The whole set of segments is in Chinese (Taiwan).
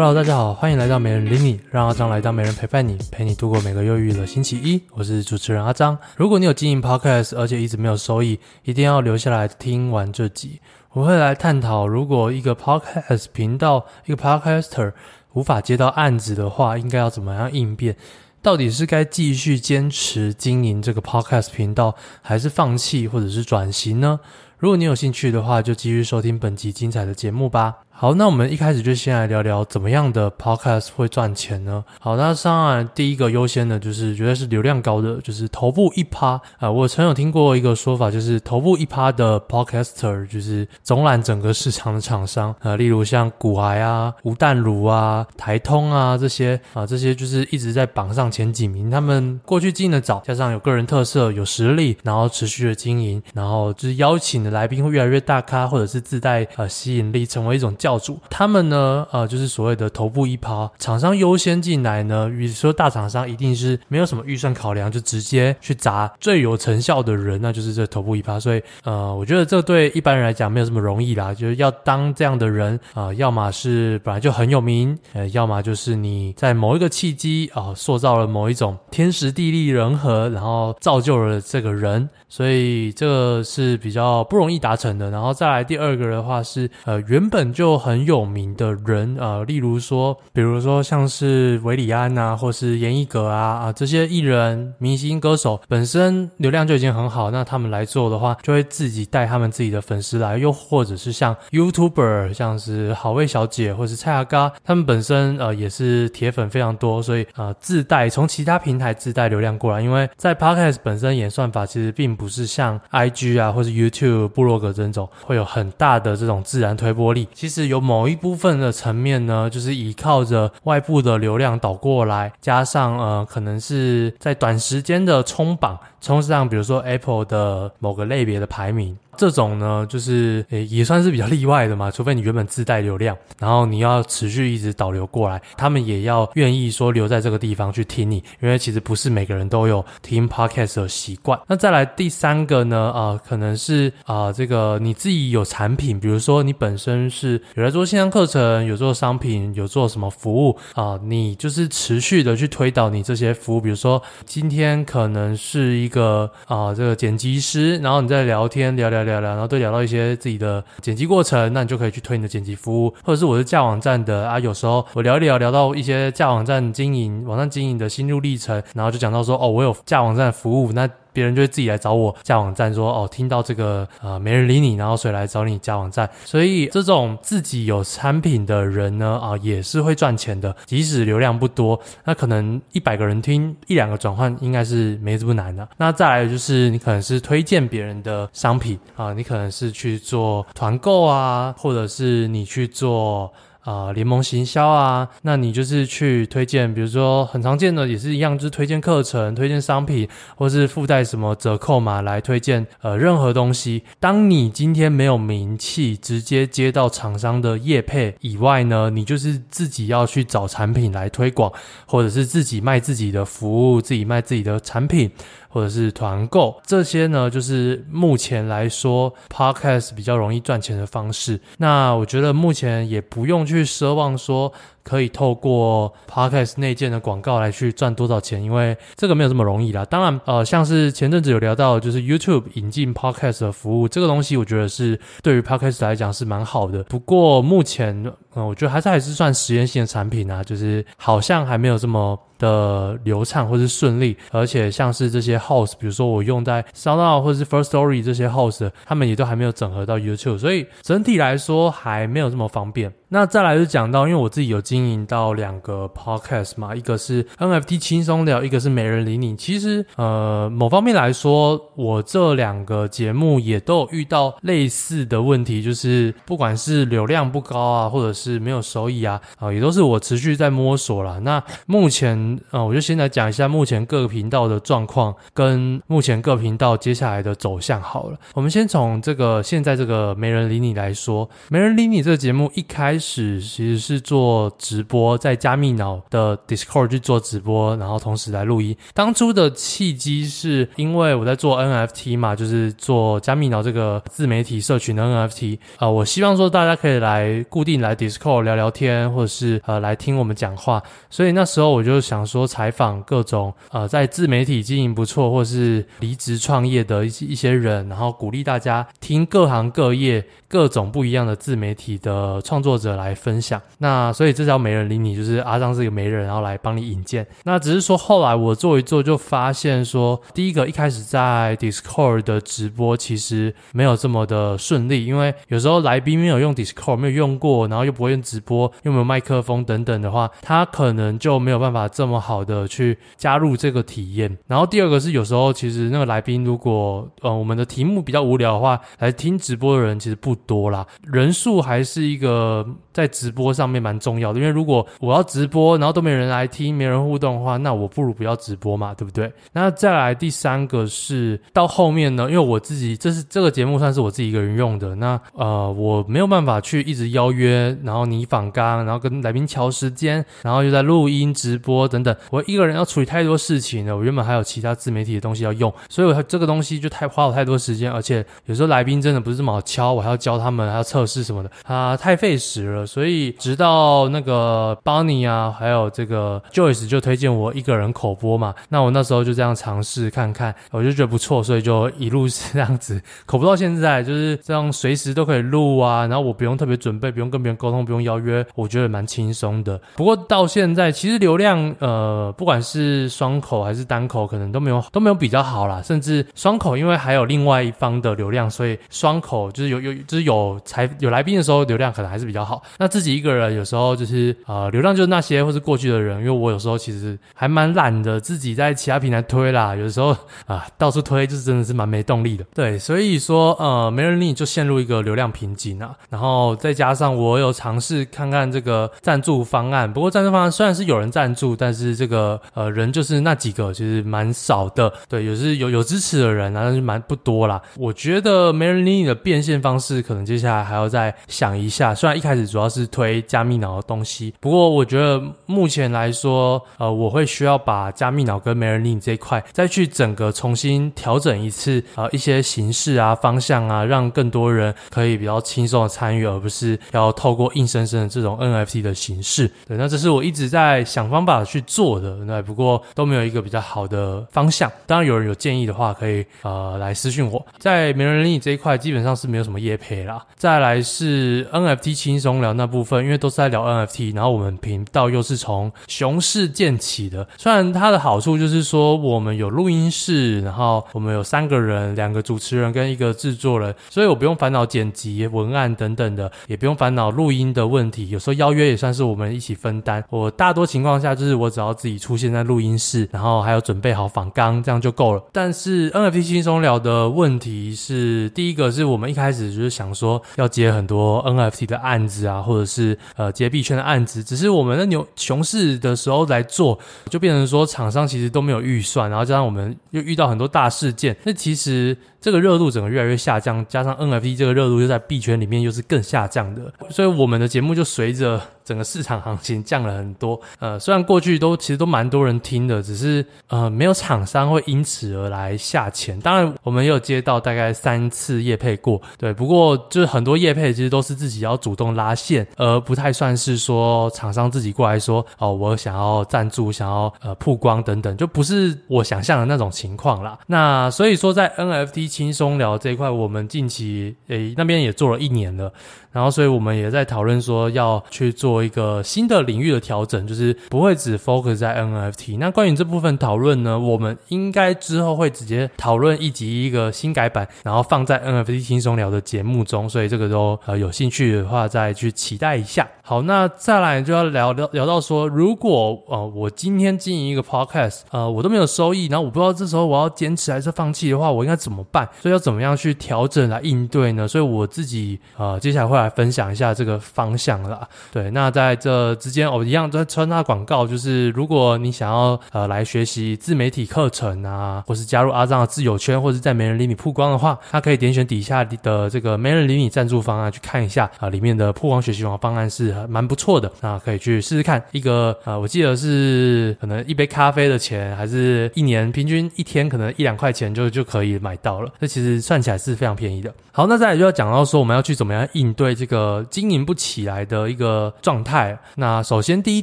Hello，大家好，歡迎來到媒人理你，讓阿璋來到媒人陪伴你，陪你度過每個憂鬱的星期一。我是主持人阿璋。如果你有經營 Podcast，而且一直沒有收益，一定要留下來聽完這集。我會來探討，如果一個 Podcast 頻道、一個 Podcaster 無法接到案子的話，應該要怎麼樣應變？到底是該繼續堅持經營這個 Podcast 頻道，還是放棄或者是轉型呢？如果你有興趣的話，就繼續收聽本集精彩的節目吧。好，那我們一開始就先來聊聊怎麼樣的 podcast 會賺錢呢？好，那當然第一個優先的就是絕對是流量高的，就是頭部一趴啊。我曾有聽過一個說法，就是頭部一趴的 podcaster 就是總攬整個市場的廠商啊、呃，例如像股癌啊、吳淡如啊、台通啊這些啊、呃，這些就是一直在榜上前幾名。他們過去進的早，加上有個人特色、有實力，然後持續的經營，然後就是邀請的來賓會越來越大咖，或者是自帶呃吸引力，成為一種叫。教主他們呢，呃，就是所謂的頭部一趴，廠商優先進來呢。比如說大廠商一定是沒有什麼預算考量，就直接去砸最有成效的人，那就是這頭部一趴。所以，呃，我覺得這對一般人來講沒有這麼容易啦，就是要當這樣的人啊、呃，要麼是本來就很有名，呃，要麼就是你在某一個契機啊、呃，塑造了某一種天時地利人和，然後造就了這個人。所以這是比較不容易達成的。然後再來第二個的話是，呃，原本就很有名的人，呃，例如說，比如說像是韋禮安啊，或是閻奕格啊，啊這些藝人、明星、歌手本身流量就已經很好，那他們來做的話，就會自己帶他們自己的粉絲來，又或者是像 YouTuber，像是好味小姐或是蔡阿嘎，他們本身呃也是鐵粉非常多，所以呃自帶從其他平台自帶流量過來，因為在 Podcast 本身演算法其實並不。不是像 IG 啊，或者 YouTube、部落格這種會有很大的這種自然推波力。其實有某一部分的層面呢，就是依靠着外部的流量導過來，加上呃，可能是在短時間的衝榜，衝上比如說 Apple 的某個類別的排名。這種呢，就是誒、欸、也算是比較例外的嘛，除非你原本自帶流量，然後你要持續一直導流過來，他們也要願意說留在這個地方去聽你，因為其實不是每個人都有聽 podcast 的習慣。那再來第三個呢，啊、呃，可能是啊、呃、這個你自己有產品，比如說你本身是有在做線上課程，有做商品，有做什麼服務啊、呃，你就是持續的去推導你這些服務，比如說今天可能是一個啊、呃、這個剪輯師，然後你在聊天聊聊聊。聊聊，然後對，聊到一些自己的剪輯過程，那你就可以去推你的剪輯服務，或者是我是架網站的啊，有時候我聊一聊聊到一些架網站經營，網站經營的心路歷程，然後就講到說哦，我有架網站服務那。別人就會自己來找我加網站說，說哦，聽到這個啊、呃，沒人理你，然後誰來找你加網站。所以這種自己有產品的人呢，啊、呃，也是會賺錢的，即使流量不多，那可能一百個人聽一兩個轉換，應該是沒這麼難的、啊。那再來就是你可能是推薦別人的商品啊、呃，你可能是去做團購啊，或者是你去做。啊，聯盟行銷啊，那你就是去推薦，比如說很常見的也是一樣，就是推薦課程、推薦商品，或是附帶什麼折扣碼來推薦，呃，任何東西。當你今天沒有名氣，直接接到廠商的業配以外呢，你就是自己要去找產品來推廣，或者是自己賣自己的服務，自己賣自己的產品，或者是團購這些呢，就是目前來說，Podcast 比較容易賺錢的方式。那我覺得目前也不用去奢望說可以透過 Podcast 內建的廣告來去賺多少錢，因為這個沒有這麼容易啦。當然，呃，像是前陣子有聊到，就是 YouTube 引進 Podcast 的服務，這個東西我覺得是對於 Podcast 來講是蠻好的。不過目前，呃，我覺得還是還是算實驗性的產品啊，就是好像還沒有這麼。的流暢或是順利，而且像是這些 host，比如說我用在 SoundOn 或是 First Story 這些 host，他們也都還沒有整合到 YouTube，所以整體來說還沒有這麼方便。那再來就講到，因為我自己有經營到兩個 podcast 嘛，一個是 NFT 輕鬆聊，一個是媒人理你。其實呃，某方面來說，我這兩個節目也都有遇到類似的問題，就是不管是流量不高啊，或者是沒有收益啊，啊、呃，也都是我持續在摸索了。那目前。啊、嗯，我就先來講一下目前各個頻道的狀況跟目前各頻道接下來的走向好了。我們先從這個現在這個媒人理你來說，媒人理你這個節目一開始其實是做直播，在加密腦的 Discord 去做直播，然後同時來錄音。當初的契機是因為我在做 NFT 嘛，就是做加密腦這個自媒體社群的 NFT 啊、呃，我希望說大家可以來固定來 Discord 聊聊天，或者是呃來聽我們講話，所以那時候我就想。想說採訪各種呃，在自媒體經營不錯，或是離職創業的一些一些人，然後鼓勵大家聽各行各業各種不一樣的自媒體的創作者來分享。那所以這招媒人理你，就是阿璋是一個媒人，然後來幫你引薦。那只是說後來我做一做，就發現說，第一個一開始在 Discord 的直播其實沒有這麼的順利，因為有時候來賓沒有用 Discord，沒有用過，然後又不會用直播，又沒有麥克風等等的話，他可能就沒有辦法這。那麼好的去加入這個體驗，然後第二個是有時候其實那個來賓如果呃我們的題目比較無聊的話，來聽直播的人其實不多啦，人數還是一個在直播上面蠻重要的，因為如果我要直播，然後都沒人來聽，沒人互動的話，那我不如不要直播嘛，對不對？那再來第三個是到後面呢，因為我自己這是這個節目算是我自己一個人用的，那呃我沒有辦法去一直邀約，然後擬訪綱，然後跟來賓敲時間，然後又在錄音直播的。等等，我一個人要處理太多事情了。我原本還有其他自媒體的東西要用，所以我這個東西就太花了我太多時間，而且有時候來賓真的不是這麼好敲，我還要教他們，還要測試什麼的，啊，太費時了。所以直到那個 Bonnie 啊，還有這個 Joyce 就推薦我一個人口播嘛。那我那時候就這樣嘗試看看，我就覺得不錯，所以就一路是這樣子口播到現在，就是這樣隨時都可以錄啊，然後我不用特別準備，不用跟別人溝通，不用邀約，我覺得蠻輕鬆的。不過到現在其實流量，呃呃、嗯，不管是雙口還是單口，可能都沒有都沒有比較好啦，甚至雙口，因為還有另外一方的流量，所以雙口就是有有就是有才有來賓的時候，流量可能還是比較好。那自己一個人有時候就是呃流量就是那些或是過去的人。因為我有時候其實還蠻懶的，自己在其他平台推啦，有時候啊到處推，就是真的是蠻沒動力的。對，所以說呃媒人理你就陷入一個流量瓶頸啊。然後再加上我有嘗試看看這個贊助方案，不過贊助方案雖然是有人贊助，但是。是這個呃人就是那幾個，其實蠻少的。對，有是有有支持的人啊，但是蠻不多啦。我覺得媒人理你的變現方式可能接下來還要再想一下。雖然一開始主要是推加密腦的東西，不過我覺得目前來說，呃，我會需要把加密腦跟媒人理你這一塊再去整個重新調整一次呃，一些形式啊、方向啊，讓更多人可以比較輕鬆的參與，而不是要透過硬生生的這種 NFT 的形式。對，那這是我一直在想方法去。做的。那不過都沒有一個比較好的方向。當然有人有建議的話，可以呃來私信我。在媒人理你這一塊基本上是沒有什麼業配啦。再來是 NFT 輕鬆聊那部分，因為都是在聊 NFT，然後我們頻道又是從熊市建起的。雖然它的好處就是說我們有錄音室，然後我們有三個人，兩個主持人跟一個製作人，所以我不用煩惱剪輯、文案等等的，也不用煩惱錄音的問題。有時候邀約也算是我們一起分擔。我大多情況下就是我。只要自己出現在錄音室，然後還有準備好訪綱，這樣就夠了。但是 NFT 輕鬆聊的問題是，第一個是我們一開始就是想說要接很多 NFT 的案子啊，或者是呃接幣圈的案子，只是我們在牛熊市的時候來做，就變成說廠商其實都沒有預算，然後加上我們又遇到很多大事件，那其實這個熱度整個越來越下降，加上 NFT 這個熱度又在幣圈裡面又是更下降的，所以我們的節目就隨着。整個市場行情降了很多，呃，雖然過去都其實都蠻多人聽的，只是呃沒有廠商會因此而來下錢。當然，我們也有接到大概三次業配過，對，不過就是很多業配其實都是自己要主動拉線，而、呃、不太算是說廠商自己過來說哦，我想要贊助，想要呃曝光等等，就不是我想象的那種情況啦。那所以說，在 NFT 輕鬆聊這一塊，我們近期誒那邊也做了一年了，然後所以我們也在討論說要去做。一個新的領域的調整，就是不會只 focus 在 NFT。那關於這部分討論呢，我們應該之後會直接討論一集一個新改版，然後放在 NFT 輕鬆聊的節目中。所以這個都呃有興趣的話，再去期待一下。好，那再來就要聊聊聊到說，如果呃我今天經營一個 podcast，呃我都沒有收益，然後我不知道這時候我要堅持還是放棄的話，我應該怎麼辦？所以要怎麼樣去調整來應對呢？所以我自己呃接下來會來分享一下這個方向啦。對，那。那在這之間，我、哦、一樣在穿插廣告，就是如果你想要呃來學習自媒體課程啊，或是加入阿璋的摯友圈，或是在媒人理你曝光的話，他可以點選底下的這個媒人理你贊助方案去看一下啊，呃，裡面的曝光學習王方案方案是蠻不錯的啊，那可以去試試看一個呃，我記得是可能一杯咖啡的錢，還是一年平均一天可能一兩塊錢就就可以買到了，這其實算起來是非常便宜的。好，那再來就要講到說我們要去怎麼樣應對這個經營不起來的一個狀態。那首先第一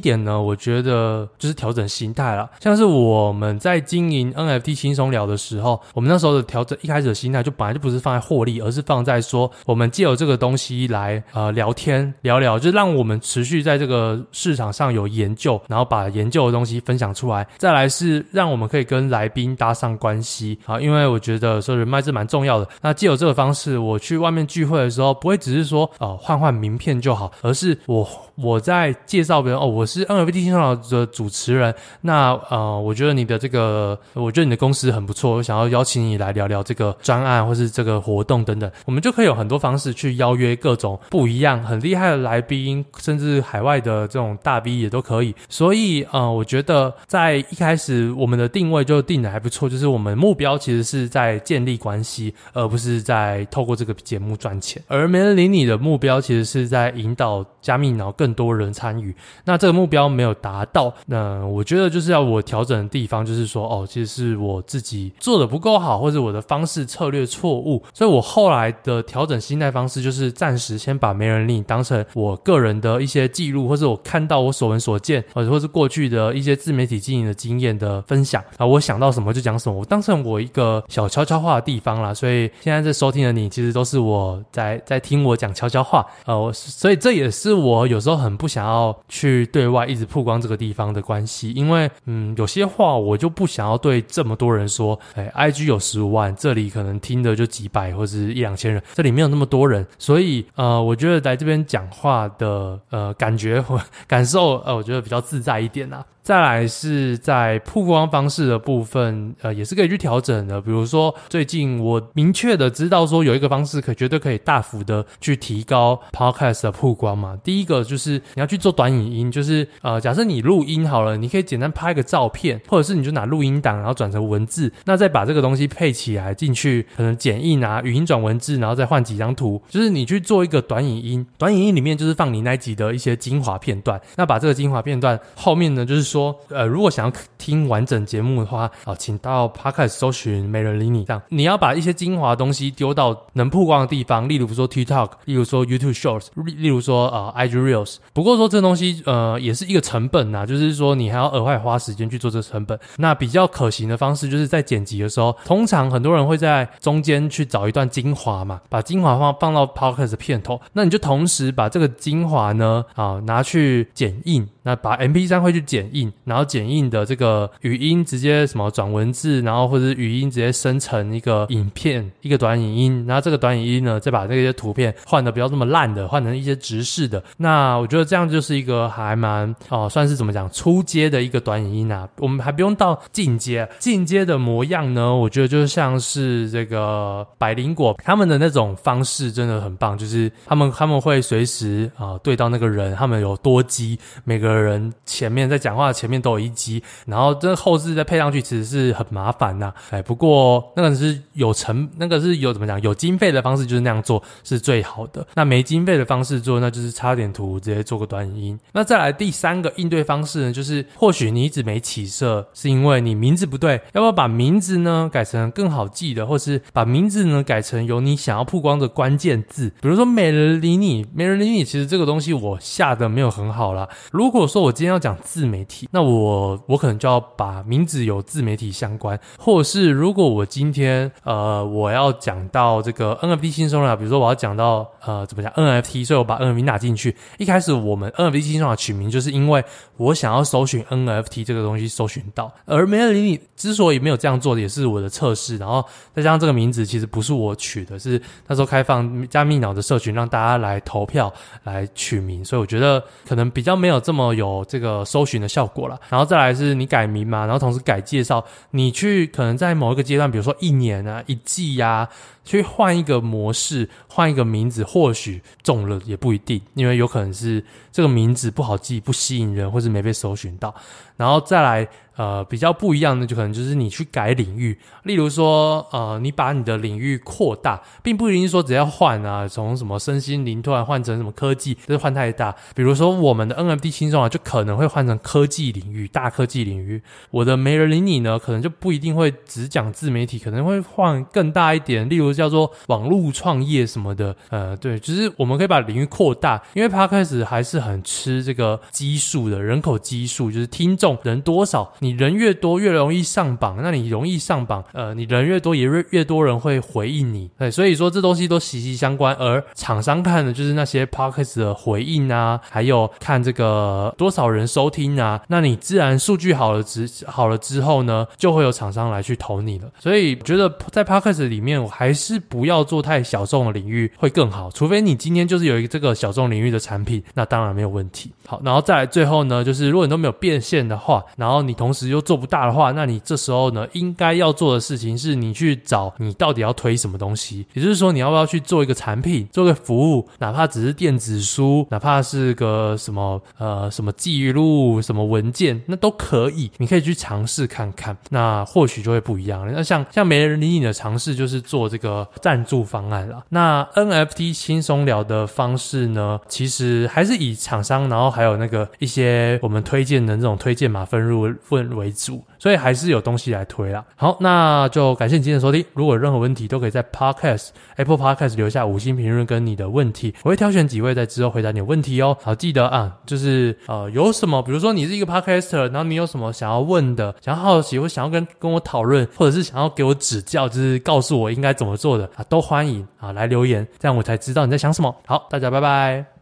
點呢，我覺得就是調整心態了。像是我們在經營 NFT 輕鬆聊的時候，我們那時候的調整一開始的心態就本來就不是放在獲利，而是放在說我們借由這個東西來呃聊天聊聊，就讓我們持續在這個市場上有研究，然後把研究的東西分享出來。再來是讓我們可以跟來賓搭上關係啊，因為我覺得說人脈是蠻重要的。那借由這個方式，我去外面聚會的時候，不會只是說呃換換名片就好，而是我，我我在介紹別人哦，我是 NFT 新少的主持人。那呃，我覺得你的這個，我覺得你的公司很不錯，我想要邀請你來聊聊這個專案或是這個活動等等。我們就可以有很多方式去邀約各種不一樣、很厲害的來賓，甚至海外的這種大 V 也都可以。所以呃，我覺得在一開始我們的定位就定的還不錯，就是我們目標其實是在建立關係，而不是在透過這個節目賺錢。而媒人理你的目標其實是在引導加密腦更。更多人參與，那這個目標沒有達到，那我覺得就是要我調整的地方，就是說哦，其實是我自己做的不夠好，或者我的方式策略錯誤，所以我後來的調整心態方式，就是暫時先把媒人理你當成我個人的一些記錄，或者我看到我所聞所見，或者或是過去的一些自媒體經營的經驗的分享啊、呃，我想到什麼就講什麼，我當成我一個小悄悄話的地方了，所以現在在收聽的你，其實都是我在在聽我講悄悄話，呃，我所以這也是我有時候。很不想要去對外一直曝光這個地方的關係，因為嗯，有些話我就不想要對這麼多人說。欸，IG 有十五萬，這裡可能聽的就幾百或是一兩千人，這裡沒有那麼多人，所以呃，我覺得來這邊講話的呃，感覺感受呃，我覺得比較自在一點啊。再來是在曝光方式的部分，呃，也是可以去調整的。比如說，最近我明確的知道說有一個方式可絕對可以大幅的去提高 Podcast 的曝光嘛。第一個就是你要去做短影音，就是呃，假設你錄音好了，你可以簡單拍個照片，或者是你就拿錄音檔，然後轉成文字，那再把這個東西配起來進去，可能剪映拿語音轉文字，然後再換幾張圖，就是你去做一個短影音。短影音裡面就是放你那集的一些精華片段，那把這個精華片段後面呢，就是。說呃，如果想要聽完整節目的話，啊，請到 Podcast 搜尋媒人理你。這樣，你要把一些精華的東西丟到能曝光的地方，例如說 TikTok，例如說 YouTube Shorts，例例如說啊 IG Reels。不過說這東西呃，也是一個成本吶、啊，就是說你還要額外花時間去做這個成本。那比較可行的方式，就是在剪輯的時候，通常很多人會在中間去找一段精華嘛，把精華放放到 Podcast 的片頭，那你就同時把這個精華呢啊拿去剪映，那把 MP3 會去剪映。然後剪映的這個語音直接什麼轉文字，然後或者語音直接生成一個影片，一個短影音。然後這個短影音呢，再把這些圖片換的不要這麼爛的，換成一些直視的。那我覺得這樣就是一個還蠻哦，算是怎麼講初階的一個短影音啊。我們還不用到進階，進階的模樣呢，我覺得就像是這個百靈果他們的那種方式真的很棒，就是他們他們會隨時啊、呃、對到那個人，他們有多機每個人前面在講話。前面都有一機，然後這後製，再配上去，其實是很麻煩吶、啊。哎，不過那個是有成，那個是有怎麼講？有經費的方式就是那樣做是最好的。那沒經費的方式做，那就是插點圖，直接做個短影音。那再來第三個應對方式呢，就是或許你一直沒起色，是因為你名字不對。要不要把名字呢改成更好記的，或是把名字呢改成有你想要曝光的關鍵字？比如說媒人理你，媒人理你。其實這個東西我下的沒有很好啦。如果說我今天要講自媒體。那我我可能就要把名字有自媒體相關，或者是如果我今天呃我要講到這個 NFT 新生了，比如說我要講到呃怎麼講 NFT，所以我把 NFT 拿進去。一開始我們 NFT 新生的取名，就是因為我想要搜尋 NFT 這個東西搜尋到，而媒人理你之所以沒有這樣做，也是我的測試。然後再加上這個名字其實不是我取的，是那時候開放加密腦的社群，讓大家來投票來取名，所以我覺得可能比較沒有這麼有這個搜尋的效。過了，然後再來是你改名嘛，然後同時改介紹。你去可能在某一個階段，比如說一年啊、一季呀。去換一個模式，換一個名字，或許中了也不一定，因為有可能是這個名字不好記、不吸引人，或是沒被搜尋到。然後再來，呃，比較不一樣的就可能就是你去改領域，例如說，呃，你把你的領域擴大，並不一定說只要換啊，從什麼身心靈突然換成什麼科技，就是換太大。比如說，我們的 NFT 輕鬆啊，就可能會換成科技領域、大科技領域。我的媒人理你呢，可能就不一定會只講自媒體，可能會換更大一點，例如。叫做網絡創業什麼的，呃，對，就是我們可以把領域擴大，因為 Podcast 還是很吃這個基數的，人口基數就是聽眾人多少，你人越多越容易上榜，那你容易上榜，呃，你人越多也越越多人會回應你，對，所以說這東西都息息相關。而廠商看的就是那些 Podcast 的回應啊，還有看這個多少人收聽啊，那你自然數據好了之好了之後呢，就會有廠商來去投你了。所以覺得在 Podcast 裡面，我還是。是不要做太小眾的領域會更好，除非你今天就是有一個這個小眾領域的產品，那當然沒有問題。好，然後再來最後呢，就是如果你都沒有變現的話，然後你同時又做不大的話，那你這時候呢，應該要做的事情是你去找你到底要推什麼東西，也就是說你要不要去做一個產品，做個服務，哪怕只是電子書，哪怕是個什麼呃什麼記錄、什麼文件，那都可以，你可以去嘗試看看，那或許就會不一樣了。那像像媒人理你的嘗試，就是做這個呃，贊助方案了，那 NFT 輕鬆聊的方式呢，其實還是以廠商，然後還有那個一些我們推薦的這種推薦碼分入分為主。所以還是有東西來推啦。好，那就感謝你今天的收聽。如果有任何問題都可以在 Podcast Apple Podcast 留下五星評論跟你的問題，我會挑選幾位在之後回答你的問題哦、喔。好，記得啊、嗯，就是呃，有什麼，比如說你是一個 Podcaster，然後你有什麼想要問的、想要好奇或想要跟跟我討論，或者是想要給我指教，就是告訴我應該怎麼做的啊，都歡迎啊來留言，這樣我才知道你在想什麼。好，大家拜拜。